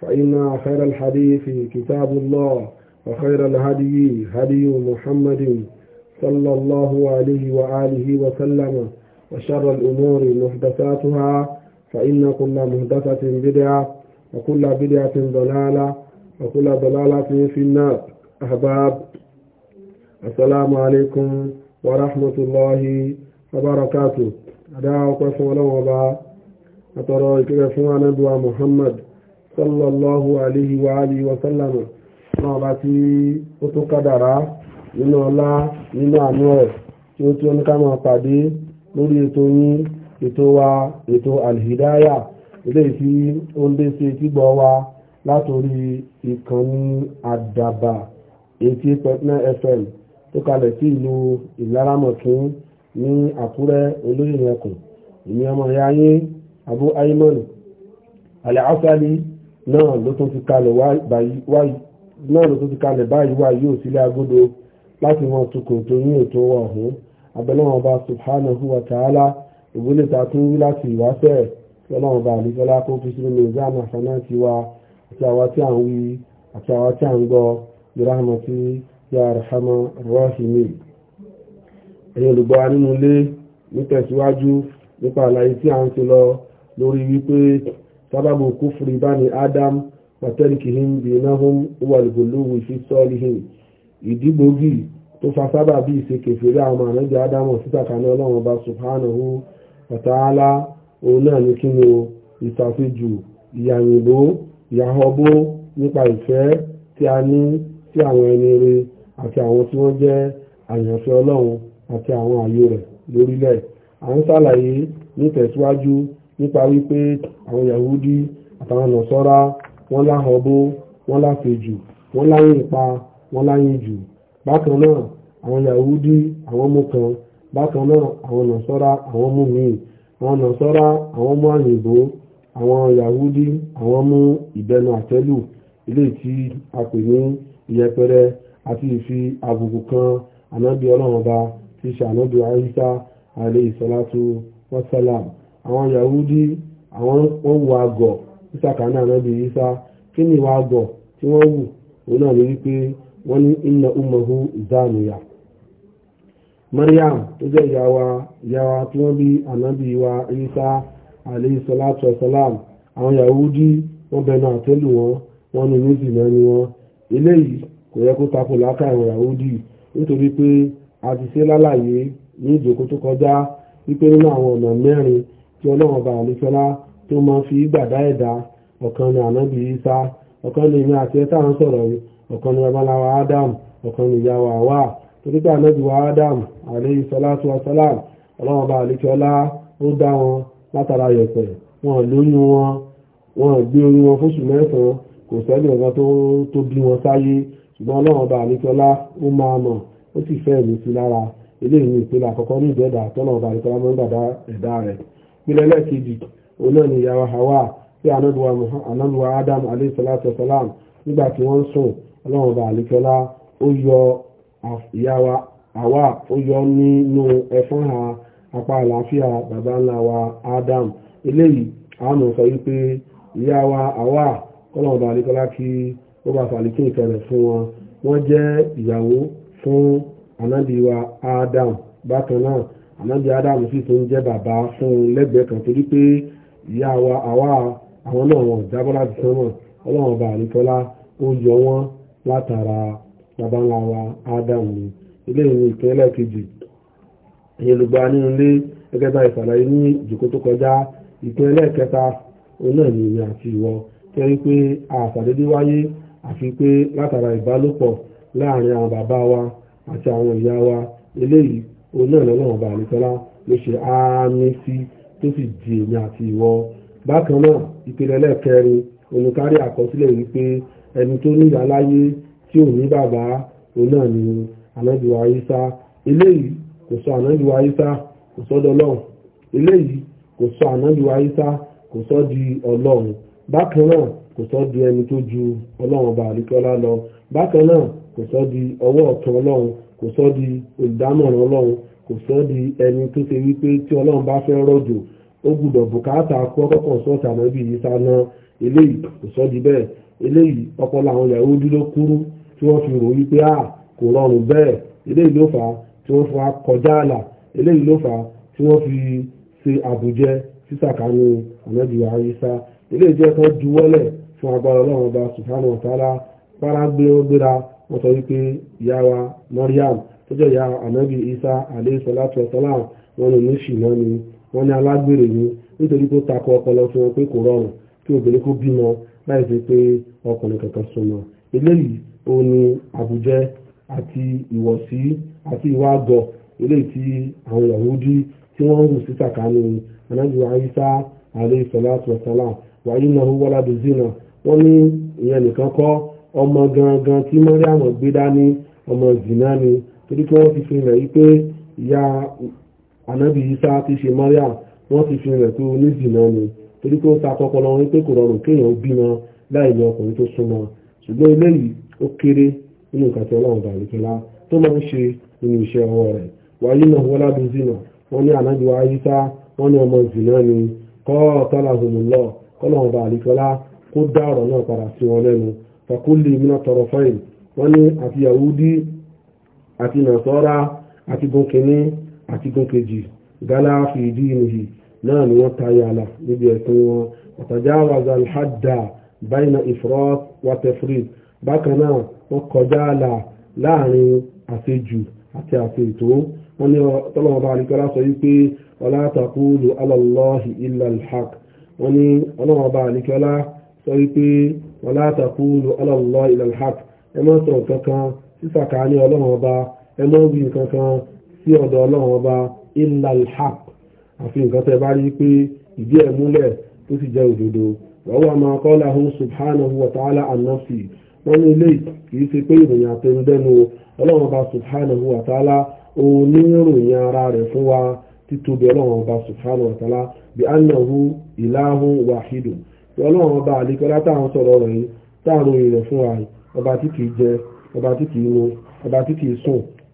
فإن خير الحديث كتاب الله وخير الهدي هدي محمد صلى الله عليه وآله وسلم وشر الأمور محدثاتها فإن كل محدثة بدعة وكل بدعة ضلالة وكل ضلالة في النار أحباب السلام عليكم ورحمة الله وبركاته أدعوكم ولو أبا أترى الكريم محمد sallallahu alayhi wa alihi wa sallam náà bá tí ó tún kádàrá nínú ọlá nínú àánú ẹ̀ tí ó tí ó ní ká máa pàdé lórí ètò yín ètò wa ètò alhidaya eléyìí tí ó ń dé sí etígbọ̀ wa látòrí ìkànnì àdàbà 88.9 fm tó kalẹ̀ sí ìlú ìlaramọ̀kín ní àkúrẹ́ olóyìn ẹkùn ìní ọmọ ìyá yín abu aiman alẹ́ afẹ́lí náà ló tó ti kalẹ̀ báyìí wá yóò sílé agodo láti wọn tukùn tó ní ètò wà ọ̀hún abẹ́lẹ́wọ̀n bá subhanahu wa ta'ala ìwúlẹ̀ ta tún wí láti ìwáṣẹ̀ lọ́lọ́wọ̀n bá àlùfẹ́lá kó fi sínú mizan àfáná ti wa àti àwa tí à ń wí àti àwa tí à ń gbọ́ birahmati ya arhama rahimi ẹ̀yin olùgbọ́ nínú ilé nítẹ̀síwájú nípa àlàyé tí à ń ti lọ lórí wípé sababu kufri bani adam wa tarkihim dinahum wal ghuluwi fi salihin ìdígbògì tó fa sábà bí ìsekèfèrè àwọn ànábì ádámọ̀ sísàkánná ọlọ́run ọba subhanahu wa ta'ala òun náà ní kí ni o ìsàfijù ìyàyìnbó ìyàhọ́bó nípa ìfẹ́ tí a ní sí àwọn ẹni rere àti àwọn tí wọ́n jẹ́ àyànfẹ́ ọlọ́run àti àwọn ààyò rẹ̀ lórílẹ̀ à ń ṣàlàyé nítẹ̀síwájú nípa wípé àwọn Yahudi àtàwọn nọ̀sọ́rá wọ́n láhọbó wọ́n láfejù wọ́n láyìn ipa wọ́n láyìn jù bákan náà àwọn Yahudi àwọn mú kan bákan náà àwọn nọ̀sọ́rá àwọn mú míì àwọn nọ̀sọ́rá àwọn mú àyìnbó àwọn Yahudi àwọn mú ìbẹnu àtẹ́lù ilé tí a pè ní ìyẹpẹrẹ àti ìfi àbùkù kan ànábì ọlọ́run ọba tí ṣe ànábì àyíṣà alayhi salatu wassalam àwọn yahudi àwọn wọ́n wù àgọ̀ ìsàkà náà nàbí ìsá kí ni ìwà àgọ̀ tí wọ́n wù òun náà ní wípé wọ́n ní mariam tó jẹ́ ìyàwó ìyàwó tí wọ́n bí ànábì wa ìsá salatu wasalam àwọn yahudi wọ́n bẹnu na wọn wọ́n ní méjì náà ni wọn eléyìí kò yẹ kó takò láká àwọn yahudi nítorí pé ní tó tí ọlọ́run ọba àlùfẹ́lá tó máa fi gbàdá ẹ̀dá ọ̀kan ní ànábì isa ọ̀kan ní ìmí àti ẹ̀ta ń sọ̀rọ̀ ọ̀kan ní babaláwa adam ọ̀kan ní ìyàwó àwa torí pé ànábì wa adam alayhi salatu wa salam ọlọ́run ọba àlùfẹ́lá ó dá wọn látara yẹ̀pẹ̀ wọn lóyún wọn wọn gbé orí wọn fóṣù mẹ́sàn-án kò sẹ́ni ọ̀gá tó bí wọn sáyé ṣùgbọ́n ọlọ́run ọba àlùfẹ́lá ó máa mọ̀ ó sì fẹ́ ìpìlẹ̀ lẹ́ẹ̀kejì òun náà ni ìyàwó hawa tí anáduwa adam alayhi salatu wa salam nígbà tí wọ́n ń sùn ọlọ́run ọba àlekọ́lá ó yọ ìyàwó hawa ó yọ nínú ẹ̀fọn ha apá àlàáfíà bàbá ńlá wa adam eléyìí àwọn ọ̀sọ̀ yìí pé ìyàwó hawa ọlọ́run ọba àlekọ́lá kí ó bá fàlìkí ìkẹrẹ̀ fún wọn wọ́n jẹ́ ìyàwó fún anábìwa adam bákan náà ànábì ádámù sì tún jẹ́ bàbá fún un lẹ́gbẹ̀ẹ́ kan torí pé ìyá wa àwa àwọn náà wọn jábọ́ láti sánmọ̀ ọlọ́run ọba àríkọ́lá ó yọ wọ́n látara bàbá wa ádámù ni ilé ìwé ìpínlẹ̀ kejì ìyẹn olùgbà nínú ilé gẹ́gẹ́ ìsàlàyé ní ìjòkó tó kọjá ìpínlẹ̀ kẹta òun náà ni ìyẹn àti ìwọ kẹ́rí pé àṣàdédé wáyé àfi pé látara ìbálòpọ̀ láàrin àwọn bàbá wa àti àwọn ìyá wa eléyìí òun náà lọ́nà ọba àlùkọ́lá ló ṣe àmì sí tó sì di èmi àti ìwọ bákan náà ìpele ẹlẹ́ẹ̀kẹrin olùkárí àkọsílẹ̀ wípé ẹni tó ní ìyá láyé tí ò ní bàbá òun náà ni ànábìwá ayíṣá eléyìí kò sọ ànábìwá ayíṣá kò sọ́dọ̀ ọlọ́run eléyìí kò sọ ànábìwá ayíṣá kò sọ di ọlọ́run bákan náà kò sọ di ẹni tó ju ọlọ́run ọba àlùkọ́lá lọ bákan náà kò sọ di ọwọ́ ọ̀tún ọlọ́run kò sọ di olùdámọ̀ràn ọlọ́run kò sọ di ẹni tó ṣe wípé tí ọlọ́run bá fẹ́ rọ̀jò ó gbúdọ̀ bùkátà kú ọkọ̀ sọ́ọ̀tì ànábì yìí sáná eléyìí kò sọ di bẹ́ẹ̀ eléyìí ọpọlọ àwọn yahoo dúró kúrú tí wọ́n fi rò wípé a ah, kò rọrùn bẹ́ẹ̀ eléyìí ló fà á tí wọ́n fa kọjá àlà eléyìí ló fà á tí wọ́n fi ṣe àbùjẹ sísàkánú ànábì àyíṣà eléyìí jẹ́ kán juwọ́lẹ̀ fún agbára ọlọ́run ọba sùfàánù ọ̀tàlá wọ́n sọ wípé ìyá wa Mariam tó jẹ́ ìyá anabi Isa alayhi salatu wasalam wọ́n ní oníṣìná ni wọ́n ní alágbèrè ni nítorí pé ó takọ ọpọlọ fún wọn pé kò rọrùn kí obìnrin kó bímọ láì fi pé ọkùnrin kankan súnmọ́ eléyìí ó ní àbújẹ àti ìwọ̀sí àti ìwà àgọ̀ eléyìí tí àwọn Yahudi tí wọ́n ń hù sí sàkánì anabi Isa alayhi salatu wasalam wàyí náà wọ́lá dùzínà wọ́n ní ìyẹn nìkan kọ́ ọmọ gangan tí Mariam gbé dání ọmọ zina ni torí pé wọ́n ti fi rẹ̀ wípé ìyá anabi isa ti ṣe Mariam wọ́n ti fi rẹ̀ pé onízina ni torí pé ó ta tọpọlọ wọn pé kò rọrùn kéèyàn bímọ láì ní ọkùnrin tó súnmọ́ ṣùgbọ́n eléyìí ó kéré nínú nǹkan tí ọlọ́run bàbá ìkẹlá tó máa ń ṣe nínú iṣẹ́ ọwọ́ rẹ̀ wàyí náà wọ́n lábẹ́ zina wọ́n ní anabi wa isa wọ́n ní ọmọ zina ni kọ́ ọ̀tọ́lá hùmùlọ́ kọ́lọ́run bàbá ìkẹlá kó dá ọ̀rọ̀ náà padà sí wọn lẹ́nu fàkúlì mìíràn tọrọ fáìn wọ́n ní àti yahudi àti nàṣọ́ra àti gunkini àti gunkeji gálá fi ìdí nìyí náà ni wọ́n tayọ àlà níbi ẹ̀sìn wọn ọ̀tàjáwàzà alhadda bayna ifrat wa tefrit bákan náà wọ́n kọjá àlà láàrin àṣejù àti àṣètò wọ́n ní tọ́lọ́mọba àríkọ́lá sọ wípé ọlá taqulu ala Allahi illa alhaq wọ́n ní ọlọ́mọba àríkọ́lá sọ wípé wọn látàkù lu ọlọ́lọ́ ilẹ̀ alhaq ẹ má sọ nǹkan kan sísàkà ní ọlọ́run ọba ẹ má wí nǹkan kan sí ọ̀dọ̀ ọlọ́run ọba ilẹ̀ alhaq àfi nǹkan tẹ bá rí pé ìdí ẹ̀ múlẹ̀ tó sì jẹ́ òdodo wọ́n wà máa kọ́ làhùn subhanahu wa ta'ala an-nafsi wọ́n ní ilé kìí ṣe pé ìròyìn àtẹnudẹ́nu ọlọ́run ọba subhanahu wa ta'ala òun ara rẹ̀ fún wa títóbi ọlọ́run ọba subhanahu wa ta'ala bí annahu ìlàhùn wàhídùn ọlọ́run ọba àlekọ́lá táwọn sọ̀rọ̀ rẹ̀ yìí táwọn orin rẹ̀ fún wa ọba tí kìí ọba tí kìí ọba tí kìí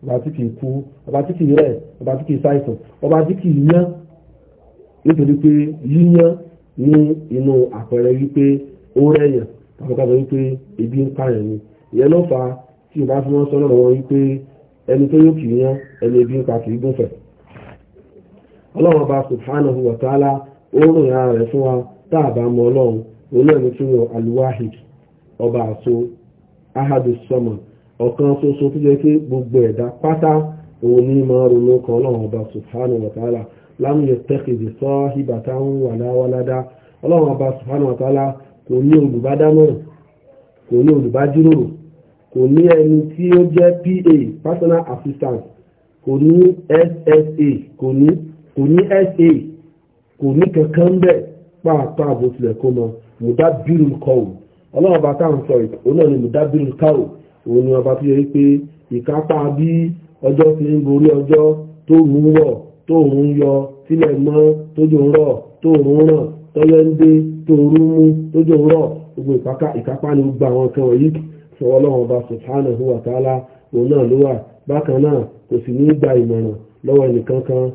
ọba tí kìí ọba tí kìí ọba tí kìí ọba tí kìí yán nítorí pé yíyán ní inú àpẹẹrẹ wípé ó rẹ̀yàn wípé ebi ń pààyàn ni ìyẹn ló fà á o ìbá fi wọ́n sọ̀rọ̀ wọn wípé ẹni tó yóò kìí yán ẹni ebi ń ọba táàbà mọ ọlọ́run olóòmù tí wọn aluwahid ọba a ahadu sọmọ ọ̀kan ṣoṣo tó pé gbogbo ẹ̀dá pátá òun ní máa ronú kan ọlọ́run ọba subhanahu wa ta'ala lam yattakhidhi sahibatan wala walada ọlọ́run ọba kò ní olùbádámọ̀ràn kò ní kò ní ẹni tí pàápàá bó tilẹ̀ kó mọ mùdábírù kọ́ọ̀ ọlọ́run ọba táwọn sọ òun náà ni mùdábírù kọ́ọ̀ òun ni ọba tó yẹ wípé ìkápá bí ọjọ́ ti ń borí ọjọ́ tó rù ń wọ̀ tó rù ń yọ sílẹ̀ mọ́ tójú ń rọ̀ tó rù ń ràn tọ́yọ́ ń dé tó rú mú tójú ń rọ̀ gbogbo ìkápá ni gbogbo àwọn kan wọ̀nyí sọ ọlọ́run ọba òun náà ló wà bákan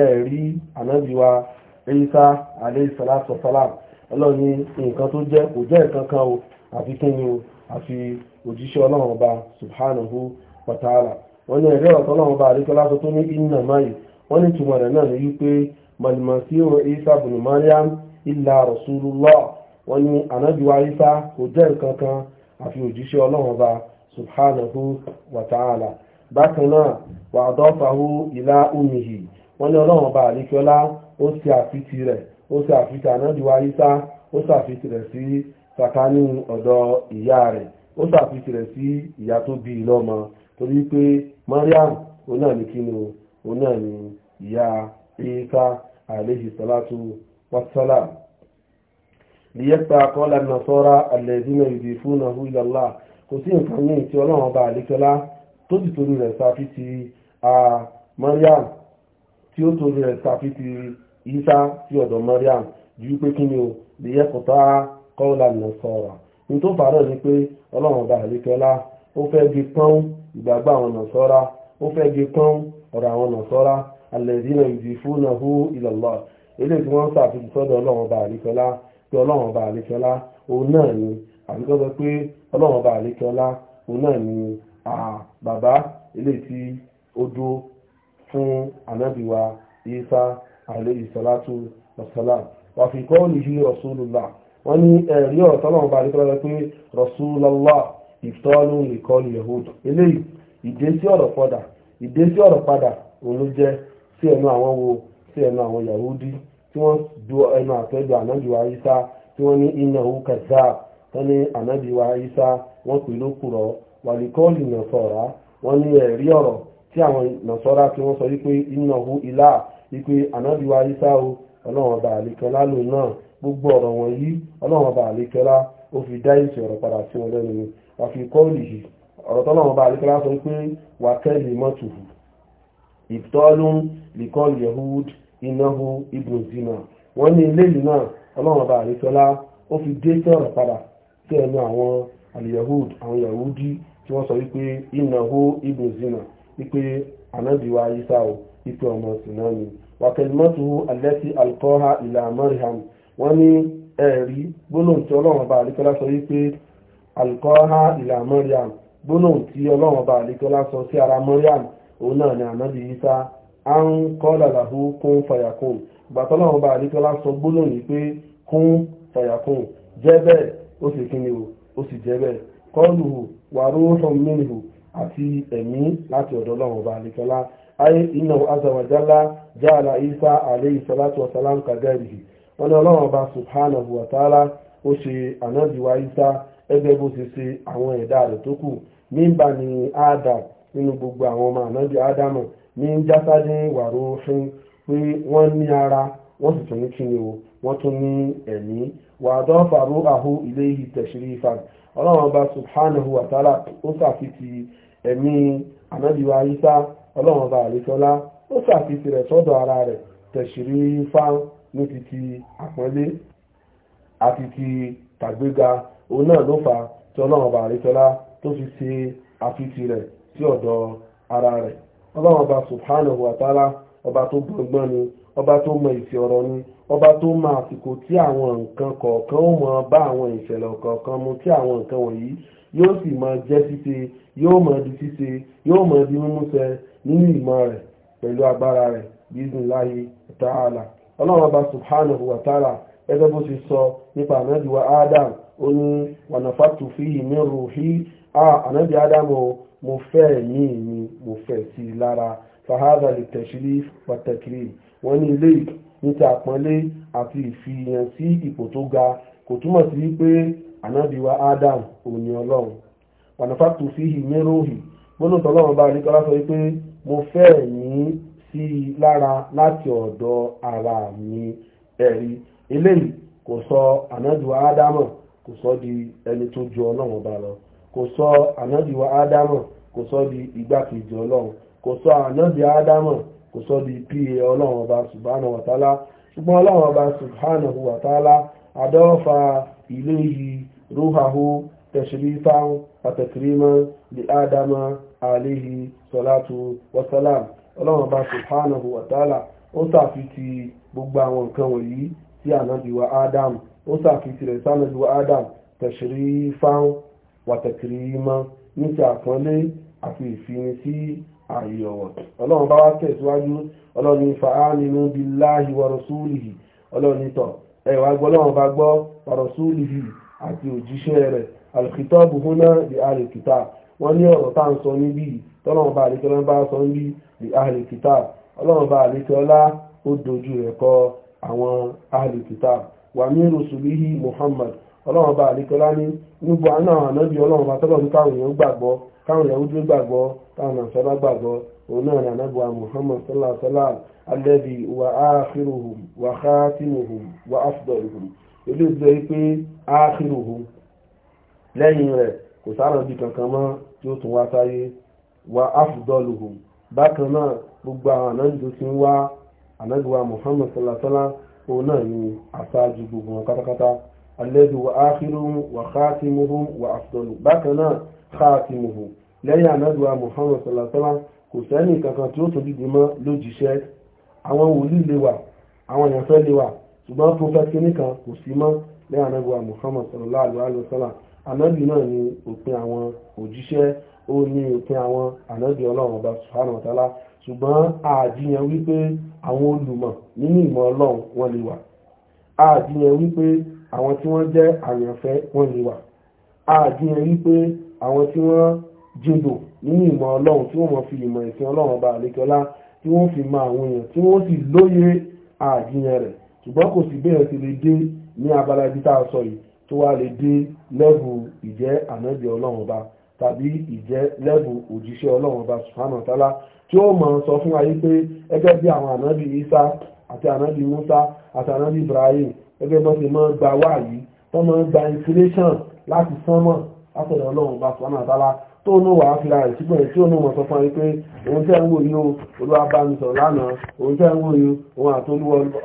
ẹ̀rí ànábìwa Isa alayhi salatu wa salam ọlọ́run ní nǹkan tó jẹ́ kò jẹ́ nǹkan kan o àfi kí ni o àfi òjíṣẹ́ ọlọ́run ọba subhanahu wa ta'ala wọ́n ní ẹ̀rí ọ̀tọ́ ọlọ́run ọba àríkọ́lá tó tó ní iná máyì wọ́n ní tùmọ̀ rẹ̀ náà ní wípé malmasihu Isa bùnú Maryam illa rasulullah wọ́n ní ànábìwa Isa kò jẹ́ nǹkan kan àfi òjíṣẹ́ ọlọ́run ọba subhanahu wa ta'ala bákan náà wà àdọ́fàhu ìlà umihi wọ́n ní ọlọ́run ọba àríkíọ́lá ó ṣe àfitì rẹ̀ ó ṣe àfitì ànádiwa isa ó ṣàfitì rẹ̀ sí sàkání ọ̀dọ̀ ìyá rẹ̀ ó ṣàfitì rẹ̀ sí ìyá tó bí i lọ́mọ torí pé mariam òun náà ní kíni òun náà ní ìyá isa àlehi salatu wasalam lìyẹ́pẹ́ akọ́lá nasọ́ra alẹ́dínà ìdí fún nahu ilàlá kò sí nǹkan ní ìtí ọlọ́run ọba àríkíọ́lá tó sì torí rẹ̀ a Mariam tí ó torí rẹ̀ tàbí ti isa sí ọ̀dọ̀ Mariam ju pé kí ni o lè yẹ kọta kọ́ọ̀lá nà sọ̀rọ̀ ní tó fàárọ̀ ni pé ọlọ́run ọba àríkẹ́lá ó fẹ́ gbé pọ́n ìgbàgbọ́ àwọn nà sọ́ra ó fẹ́ gbé pọ́n ọ̀rọ̀ àwọn nà sọ́ra alẹ́dínà yudifunahu ilallah eléyìí tí wọ́n sàfihàn sọ́dọ̀ ọlọ́run ọba àríkẹ́lá pé ọlọ́run ọba àríkẹ́lá òun náà ni àbíkọ́ sọ pé ọlọ́run ọba àríkẹ́lá òun náà ni bàbá eléyìí tí ó dúró fún anábìwa isa alayhi salatu wasalam wà fi kọ́ nìyí rasulullah wọ́n ní ẹ̀rí ọ̀tọ́lọ́wọ́n bá nípa rẹ̀ pé rasulullah ìtọ́lù nìkan eléyìí ìdé sí ọ̀rọ̀ padà ọ̀rọ̀ òun ló jẹ́ sí ẹnu àwọn wo sí ẹnu àwọn yahoodi tí wọ́n du ẹnu àtẹ́jọ isa tí wọ́n ní innahu kazzab wọ́n ní isa wọ́n pè ní tí àwọn nàṣọ́ra tí wọ́n sọ wípé iná hu ilá wípé ànábìwá isa o ọlọ́run ọba àlekọ́lá lò náà gbogbo ọ̀rọ̀ wọn yìí ọlọ́run ọba àlekọ́lá ó fi dá ìsì ọ̀rọ̀ padà sí wọn lẹ́nu ni àfi kọ́ọ̀lì yìí ọ̀rọ̀ tọ́lọ́run ọba àlekọ́lá sọ wípé wákẹ́lì mọ́tòhù ìtọ́lún lìkọ́ọ̀lì yehud ináhu ibn zina wọ́n ní ilé yìí náà ọlọ́run ọba àlekọ́lá ó fi dé sọ̀rọ̀ padà sí ẹnu àwọn àlìyahud àwọn yahudi tí wọ́n sọ wípé ináhu ibn zina wípé anábìwá isa o wípé ọmọ tsunami wàkẹ́lìmọ́tò alẹ́sí alkọ́ha ìlà mọ́rìhàm wọ́n ní ẹ̀rí gbólóhùn tí ọlọ́run ọba àríkọ́lá sọ wípé alkọ́ha ìlà mọ́rìhàm gbólóhùn tí ọlọ́run ọba àríkọ́lá sọ sí ara mọ́rìhàm òun náà ni anábì isa à ń kọ́ làlàhú kún fàyàkùn gbàtọ́lọ́run ọba àríkọ́lá sọ gbólóhùn yìí pé kún fàyàkùn jẹ́ bẹ́ẹ̀ ó sì kíni o ó sì jẹ́ bẹ́ẹ̀ kọ́lùhù wàrúhùn mínhù àti ẹ̀mí láti ọ̀dọ̀ ọlọ́run ọba àlekọ́lá ayé iná azawajálá jáàlá isa alayhi salatu wa salam kagẹ́rì wọn ni ọlọ́run ọba subhanahu wa ta'ala ó ṣe ànábìwá isa ẹgbẹ́ bó ṣe ṣe àwọn ẹ̀dá rẹ̀ tó kù mímbà ni adam nínú gbogbo àwọn ọmọ ànábì ádámù ní jásádé wàró fún pé wọ́n ní ara wọ́n sì tún ní kíni o wọ́n tún ní ẹ̀mí wàdọ́ fàró àhó ilé yìí tẹ̀sírí ifá ọlọ́run ọba ó sàfitì ẹ̀mí ànábìwá isa ọlọ́run ọba àlefọ́lá ó ṣàfihàn rẹ̀ sọ́dọ̀ ara rẹ̀ tẹ̀sírí fáwọn ní ti ti àpọ́nlé àti ti tàgbéga òun náà ló fà tí ọlọ́run ọba àlefọ́lá tó fi ṣe àfihàn rẹ̀ sí ọ̀dọ̀ ara rẹ̀ ọlọ́run ọba subhanahu wa ta'ala ọba tó gbọ́ngbọ́n ni ọba tó mọ ìfẹ́ ọ̀rọ̀ ni ọba tó mọ àsìkò tí àwọn nǹkan kọ̀ọ̀kan ó mọ bá àwọn ìṣẹ̀lẹ̀ kọ̀ọ̀kan mu tí àwọn nǹkan wọ̀nyí yóò sì mọ jẹ́ ṣíṣe yóò mọ di ṣíṣe yóò mọ di mímúṣẹ nínú ìmọ̀ rẹ̀ pẹ̀lú agbára rẹ̀ bísíláhi ta'ala ọlọ́run ọba subhanahu wa ta'ala ẹgbẹ́ bó ṣe sọ nípa ànábì adam ó ní wànàfàtù fíhì min ruhi ànábì adam o mo fẹ́ ẹ̀mí mi mo fẹ́ sí i lára fahadà lè tẹ̀sílí pàtàkì wọ́n ní ilé níta àpọ́nlé àti ìfihàn sí ipò tó ga kò túmọ̀ sí pé ànábìwá Adam òní ọlọ́run wànàfàtò fihì méròhì gbóná tọ́lọ́run bá nìkan láti sọ pé mo fẹ́ ní sí i lára láti ọ̀dọ̀ ara mi ẹ̀rí eléyìí kò sọ ànábìwá Adam kò sọ di ẹni tó ju ọlọ́run ọba lọ kò sọ ànábìwá Adam kò sọ di igbákejì ọlọ́run kò sọ ànábìwá Adam kò sọ di pa ọlọ́run ọba subhanahu wa ta'ala ṣùgbọ́n ọlọ́run ọba subhanahu wa ta'ala adọ́fà ilé yìí rúhahu tẹ̀sírífà pàtàkìrímà lè ádámà àléhi sọlátù wasalam ọlọ́run ọba subhanahu wa ta'ala ó sàfitì gbogbo àwọn nǹkan wọ̀nyí sí ànábìwá ádámù ó sàfitì rẹ̀ sànábìwá ádámù tẹ̀sírífà pàtàkìrímà ní ti àpọ́nlé àti ìfinisí ààyè ọ̀wọ̀ ọlọ́run bá wá tẹ̀síwájú ọlọ́run ní fa'aminu billahi wa rasulihi ọlọ́run ní tọ̀ ẹ wá gbọ́ ọlọ́run bá gbọ́ wa rasulihi àti òjíṣẹ́ rẹ̀ al-khitabu huna li ahli kitab wọ́n ní ọ̀rọ̀ tá à ń sọ níbí tọ́lọ́run bá àlekẹ́ lọ́n bá sọ níbí li ahli ọlọ́run bá àlekẹ́ ọlá ó dojú rẹ̀ kọ àwọn ahli kitab wa min rusulihi Muhammad ọlọ́run bá àlekọlá ní gbogbo àwọn ànábì ọlọ́run bá tọ́lọ́run káwọn èèyàn gbàgbọ́ káwọn Yahudi gbàgbọ́ káwọn nàṣọ́lá gbàgbọ́ òun náà ní ànábì wa Muhammad sallallahu alaihi wasallam alladhi wa akhiruhum wa khatimuhum wa afdaluhum eléyìí tó yẹ pé akhiruhum lẹ́yìn rẹ̀ kò sára bí kankan mọ́ tí ó tún wá sáyé wa afdaluhum bákan náà gbogbo àwọn ànábì tó ti ń wá ànábì Muhammad sallallahu alaihi òun náà ní alẹ́dù wà áhìrùn wà khatimuhum wà afdalu bákan náà khatimuhum lẹ́yìn ànádùá muhammad salasala kò sẹ́ni kankan tí ó tó dìde mọ́ lójíṣẹ́ àwọn wòlíì lè wà àwọn èèyàn fẹ́ lè wà ṣùgbọ́n prọfẹ́tì nìkan kò sí mọ́ lẹ́yìn ànádùá muhammad sallallahu alayhi wa sallam ànábì náà ni òpin àwọn òjíṣẹ́ ó ní òpin àwọn ànábì ọlọ́run ọba subhanahu wa ta'ala ṣùgbọ́n àjíyàn wípé àwọn olùmọ̀ nínú ìmọ̀ ọlọ́run wọn lè wà àjíyàn wípé àwọn tí wọ́n jẹ́ àyànfẹ́ wọn ni wà àdìyàn yí pé àwọn tí wọ́n jodò nínú ìmọ̀ ọlọ́run tí wọ́n mọ̀ fi ìmọ̀ ìsìn ọlọ́run ọba àlekọ́lá tí wọ́n fi mọ àwọn èèyàn tí wọ́n sì lóye àdìyàn rẹ̀ ṣùgbọ́n kò sí bẹ́ẹ̀ ti lè dé ní abala ibi tá a sọ yìí tó wá lè dé lẹ́bù ìjẹ́ ànábì ọlọ́run ọba tàbí ìjẹ́ lẹ́bù òjíṣẹ́ ọlọ́run ọba subhanahu wa ta'ala tí ó mọ̀ sọ fún ayé pé ẹgẹ́ bí àwọn ànábì Isa àti ànábì Musa àti ànábì Ibrahim gẹ́gẹ́ bọ́ ti máa ń gba wáàyí tó máa ń gba inspiration láti sánmọ̀ látọ̀dọ̀ ọlọ́run bá sọ́nà àtàlá tó ní wàá fi ara ìtúgbọ̀n tí ó ní wọn sọ fún ẹ pé òun tẹ́ ń wò yìí o olúwa bá mi sọ̀rọ̀ lánàá òun tẹ́ ń wò yìí òun àti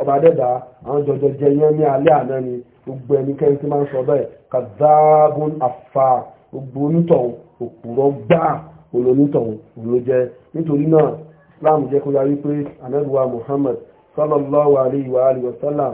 ọba dẹ́dà àwọn jọjọ jẹ yẹn ní alẹ́ àná ni gbogbo ẹnikẹ́ni tí máa ń sọ bẹ́ẹ̀ kàdáàbùn àfà gbogbo onítọ̀hún òpùrọ̀ gbáà olónítọ̀hún ló jẹ́ nítorí náà Islam jẹ́ kó yarí pé anabiwa Muhammad sallallahu alayhi wa sallam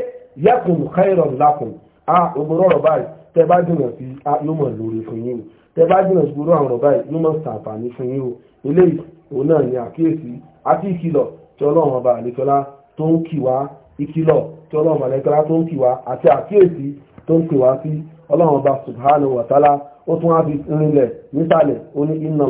yakun khairan lakum a ogboro ọ̀rọ̀ báyìí tẹ bá jìnà sí yóò mọ̀ lórí fún yín o tẹ bá jìnà sí gbogbo àwọn ọ̀rọ̀ báyìí yóò mọ̀ sàǹfààní fún yín o eléyìí òun náà ni àkíyèsí àti ìkìlọ̀ tí ọlọ́run ọba àlekọ́lá tó ń kì wá ìkìlọ̀ tí ọlọ́run ọba àlekọ́lá tó ń kì wá àti àkíyèsí tó ń pè wá sí ọlọ́run ọba subhanahu wa ta'ala ó tún á fi rinlẹ̀ nísàlẹ̀ ó ní inna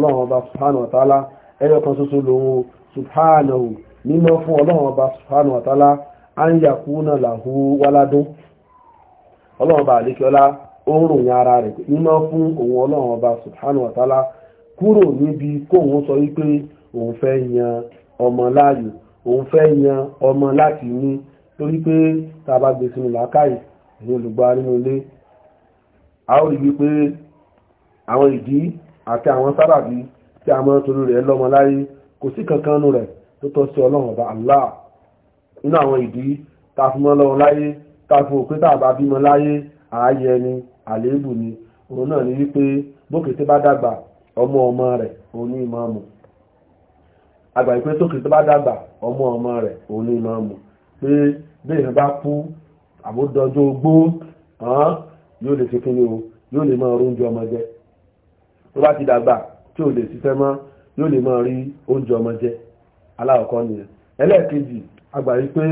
Allaha ẹyọ kan ṣoṣo lòun o subhanahu nínú fún ọlọ́run ọba subhanahu àtàlá an yakuna lahu waladun ọlọ́run ọba àlékiọlá ó ń ròyìn ara rẹ̀ nínú fún òun ọlọ́run ọba subhanahu àtàlá kúrò níbi kóhun sọ wípé òun fẹ́ yan ọmọ láàyò òun fẹ́ yan ọmọ láti ní torí pé tàbá gbé làákàyè ní olùgbà nínú ilé a ó rí wípé àwọn ìdí àti àwọn sábàbí tí a mọ́ torí rẹ̀ lọ́mọ láyé kò sí kankan nù rẹ̀ tó tọ́ sí ọlọ́run ọba allah nínú àwọn ìdí tá a fi mọ́ ọlọ́run láyé tá a fi bá bímọ láyé ààyè ni àléébù ni òun náà ni wípé bókété bá dàgbà ọmọ ọmọ rẹ̀ òun ní ìmáàmù àgbà ìpé tókété bá dàgbà ọmọ ọmọ rẹ̀ òun ní ìmáàmù pé bí èèyàn bá kú àbódọjọ́ ogbó yóò lè ṣe kí ni o yóò lè máa oúnjẹ ọmọ jẹ tó bá ti dàgbà tí ò lè ṣiṣẹ́ mọ́ yóò lè máa rí oúnjẹ ọmọ jẹ aláwọ̀kọ́ nìyẹn ẹlẹ́ẹ̀kejì àgbà yìí pé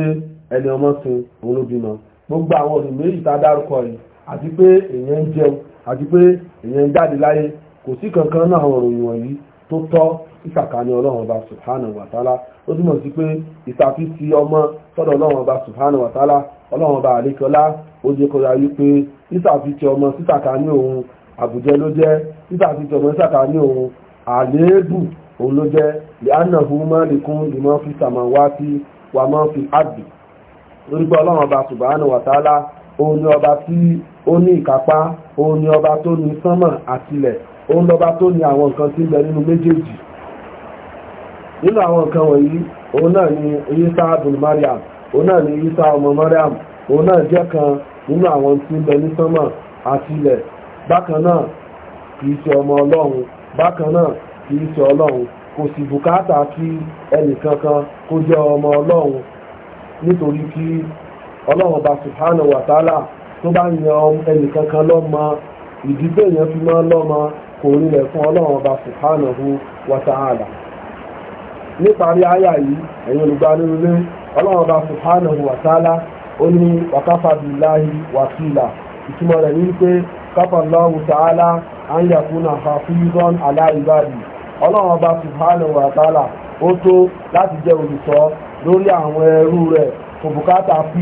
ẹni ọmọ sin òun ló bímọ gbogbo àwọn ọ̀rùn méjì tá a dárúkọ yìí àti pé èèyàn ń jẹun àti pé èèyàn ń jáde láyé kò sí kankan náà àwọn òròyìn wọ̀nyí tó tọ́ ìsàkánì ọlọ́run ọba subhanahu wa ta'ala ó túmọ̀ sí pé ìsàfisí ọmọ sọ́dọ̀ ọlọ́run ọba subhanahu wa ta'ala ọlọ́run ọba àlékọlá ó jẹ́ kó wípé ìsàfisí ọmọ sísàkánì òun àbùjẹ ló jẹ́ ìsàfisí ọmọ sísàkánì òun àléébù olójẹ́ ló jẹ́ li'annahu malikun lima fi samawati wa ma fi ọlọ́run ọba òun ni ọba tí ó ní ìkápá òun ni ọba tó ní sánmà àtilẹ̀ òun lọ́ba tó ní àwọn nǹkan tí ń bẹ nínú méjèèjì nínú àwọn nǹkan wọ̀nyí òun náà ni Mariam òun náà ni ọmọ Mariam òun náà jẹ́ kan nínú àwọn tí ń bẹ ní sánmà àtilẹ̀ bákan náà bákan náà kì í ṣe ọlọ́run kò sì bùkátà kí ẹnìkankan kó jẹ́ ọmọ ọlọ́run nítorí kí ọlọ́run ọba subhanahu wa ta'ala tó bá yan ẹnìkankan lọ́mọ ìdí pé èèyàn fi máa lọ́mọ kò rinlẹ̀ fún ọlọ́run ọba subhanahu wa ta'ala níparí àyà yìí ẹ̀yin olùgbanilólé ọlọ́run ọba subhanahu wa ta'ala ó ní wàkàfà billahi wàkìlà ìtumọ̀ rẹ̀ ní pé kápá lọ́wọ́ tààlà àyàkúnà hafizan aláìbáàdì ọlọ́run ọba subhanahu wa ta'ala ó tó láti jẹ́ olùsọ lórí àwọn ẹrú rẹ̀ kò bùkátà pa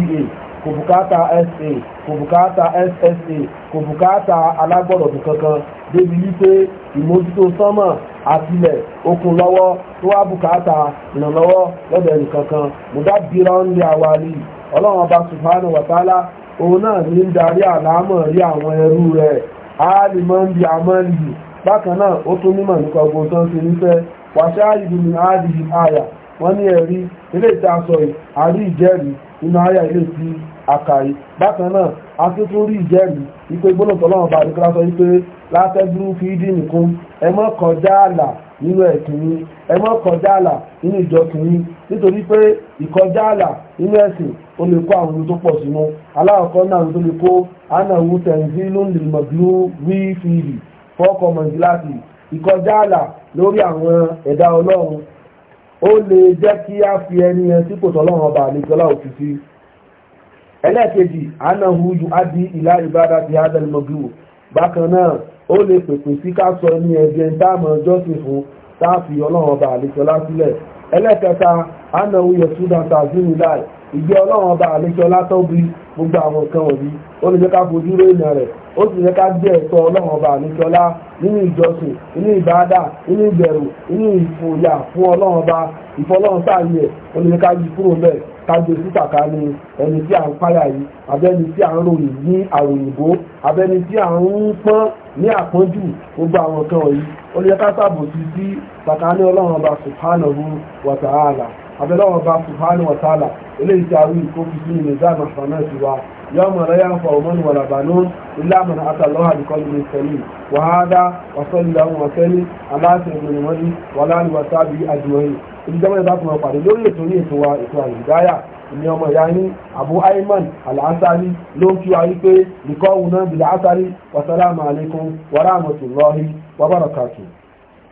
kò bùkátà sa kò bùkátà ssa kò bùkátà alágbọ̀dọ̀dù kankan débi wípé ìmójútó sánmọ̀ àtìlẹ̀ okun lọ́wọ́ tó wá bùkátà ìrànlọ́wọ́ lọ́dọ̀ ẹnìkankan mùdábìrán ní àwárí ọlọ́run ọba subhanahu wa ta'ala òun náà ní ń darí àlámọ̀ rí àwọn ẹrú rẹ̀ áàlìmọ́ ń bí amọ́lì bákan náà ó tún nímọ̀ nípa ogun tó ń ṣe nífẹ́ wàṣá ìdùnnú áàdìyí àyà wọ́n ní ẹ̀rí ilé ìtasọ̀ àrí ìjẹ́rìí nínú àyà ilé ti àkàrí bákan náà a tún tún rí ìjẹ́rìí wípé gbólóǹtọ́ lọ́wọ́ bá ní kíláṣọ wípé látẹ́gbúrú fi ẹ mọ́ kọjá àlà nínú ẹ̀kìnrin ẹ má kọjá àlà nínú ìjọkìnrin nítorí pé ìkọjá àlà nínú ẹ̀sìn ó lè kó àwọn ohun tó pọ̀ sínú aláwọ̀kọ́ náà tó lè kó anáwó tẹ̀sí ló ń lè mọ̀gbìlú wí fìlì fọ́ọ̀kọ́ mọ̀gíláàsì ìkọjá àlà lórí àwọn ẹ̀dá ọlọ́run ó lè jẹ́ kí á fi ẹni yẹn sípò tọ́lọ́run ọba àlejòlá òfìsí ẹlẹ́ẹ̀kejì anáwó yu adi ìlà ìbáradì ó lè pèpè sí ká sọ ní ẹgbẹ́ táàmù jọ́sìn fún táàfì ọlọ́run ọba àlejò lásìlẹ̀ ẹlẹ́kẹta anáwó yẹtúdà tàzínú láì ìjẹ́ ọlọ́run ọba àlejò látọ́bi gbogbo àwọn nǹkan wọ̀nyí ó lè jẹ́ ká fojú rénà rẹ̀ ó sì jẹ́ ká jẹ́ ẹ̀tọ́ ọlọ́run ọba àlejò ọlá nínú ìjọsìn nínú ìbáadà nínú ìbẹ̀rù nínú ìfòyà fún ọlọ́run ọba ìfọlọ́run sáàyè ẹ̀ ó lè jẹ́ ká yí kúrò bẹ́ẹ̀ ká gbé sísàká ní ẹni tí à ń páyà yìí abẹ́ni tí à ń ròyìn ní àròyìnbó abẹ́ni tí à ń pọ́n ní àpọ́njù gbogbo àwọn nǹkan wọ̀nyí ó lè jẹ́ ká ṣàbòsí sí sàká ní ọlọ́run ọba subhanahu wa ta'ala abẹ́lẹ́wọ̀n bá subhanahu wa ta'ala eléyìí tí a wí kó fi sínú ní záàmù àfààní ẹ̀sìn wa yawma la yanfa'u malun wala banun illa man ata Allaha bi qalbin salim wa hadha wa sallallahu wa sallim ala sayyidina Muhammadin wa ala alihi wa sahbihi ajma'in ìbá fún ọpàdé lórí ètò ní ètò wa ètò àlùdáyà ìní ọmọ ìyá yín Abu Ayman al ló ń kí wa wípé nìkan wù náà bil-asari wa alaykum wa rahmatullahi wa barakatuh.